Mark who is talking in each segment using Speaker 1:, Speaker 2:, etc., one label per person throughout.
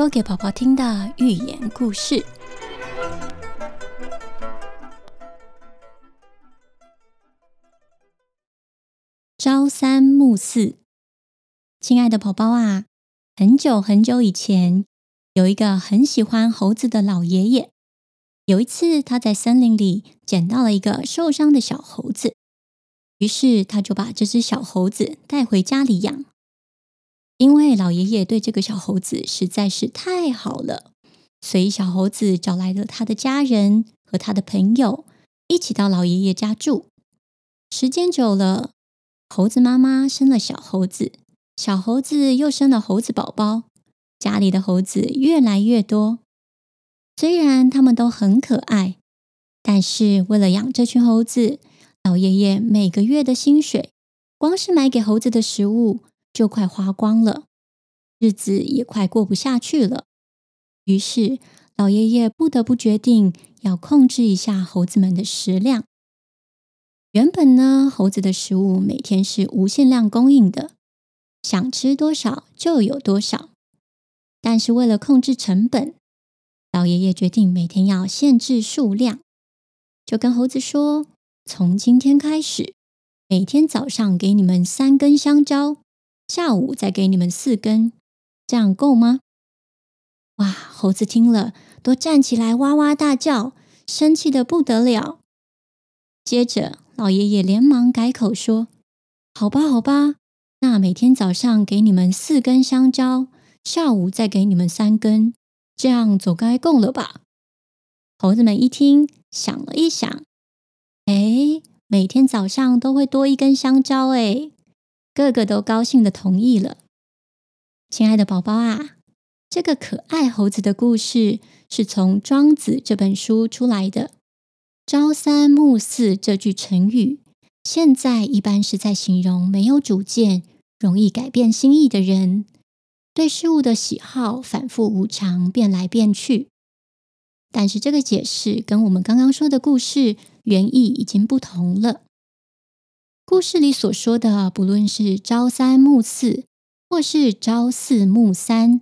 Speaker 1: 說給寶寶聽的寓言故事：朝三暮四。親愛的寶寶啊，很久很久以前，有一個很喜歡猴子的老爺爺。有一次，他在森林裡撿到了一個受傷的小猴子，於是他就把這隻小猴子帶回家裡養。因為老爺爺對這個小猴子實在是太好了，所以小猴子找來了他的家人和他的朋友，一起到老爺爺家住。時間久了，猴子媽媽生了小猴子，小猴子又生了猴子寶寶，家裡的猴子越來越多。雖然他們都很可愛，但是為了養這群猴子，老爺爺每個月的薪水，光是買給猴子的食物，就快花光了，日子也快過不下去了。於是，老爺爺不得不決定要控制一下猴子們的食量。原本呢，猴子的食物每天是無限量供應的，想吃多少就有多少。但是，為了控制成本，老爺爺決定每天要限制數量，就跟猴子說：“從今天開始，每天早上給你們三根香蕉。”下午再給你們四根，這樣夠嗎？哇！猴子聽了都站起來哇哇大叫，生氣得不得了。接着，老爺爺連忙改口說：“好吧，好吧，那每天早上給你們四根香蕉，下午再給你們三根，這樣總該夠了吧？”猴子們一聽，想了一想，哎，每天早上都會多一根香蕉誒，哎。個個都高興的同意了。親愛的寶寶啊，這個可愛猴子的故事是從《莊子》這本書出來的。“朝三暮四”這句成語，現在一般是在形容沒有主見、容易改變心意的人，對事物的喜好反復無常，變來變去。但是這個解釋跟我們剛剛說的故事原意已經不同了。故事裡所說的，不論是朝三暮四，或是朝四暮三，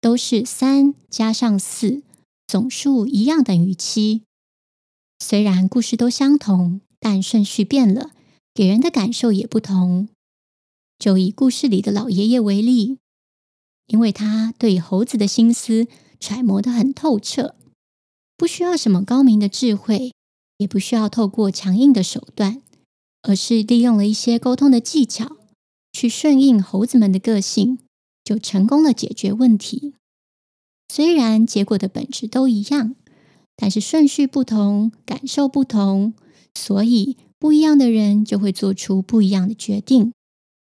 Speaker 1: 都是三加上四，總數一樣等於七。雖然故事都相同，但順序變了，給人的感受也不同。就以故事裡的老爺爺為例，因為他對猴子的心思揣摩得很透徹，不需要什麼高明的智慧，也不需要透過強硬的手段。而是利用了一些溝通的技巧，去順應猴子們的個性，就成功了解決問題。雖然結果的本質都一樣，但是順序不同，感受不同，所以不一樣的人就會做出不一樣的決定。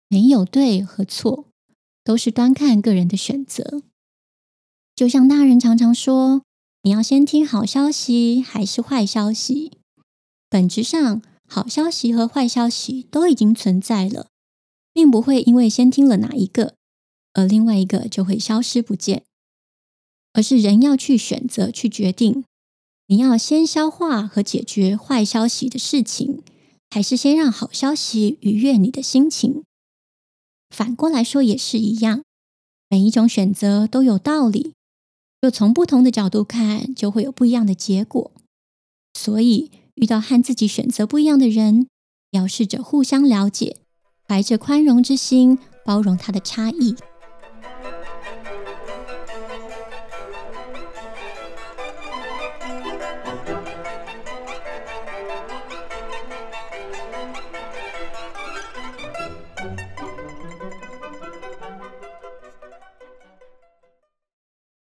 Speaker 1: 沒有對和錯，都是端看個人的選擇。就像大人常常說：“你要先聽好消息還是壞消息？”本質上。好消息和壞消息都已經存在了，並不會因為先聽了哪一個，而另外一個就會消失不見。而是人要去選擇、去決定，你要先消化和解決壞消息的事情，還是先讓好消息愉悅你的心情。反過來說也是一樣，每一種選擇都有道理，就從不同的角度看，就會有不一樣的結果。所以。遇到和自己選擇不一樣的人，要試着互相了解，懷着寬容之心，包容他的差異。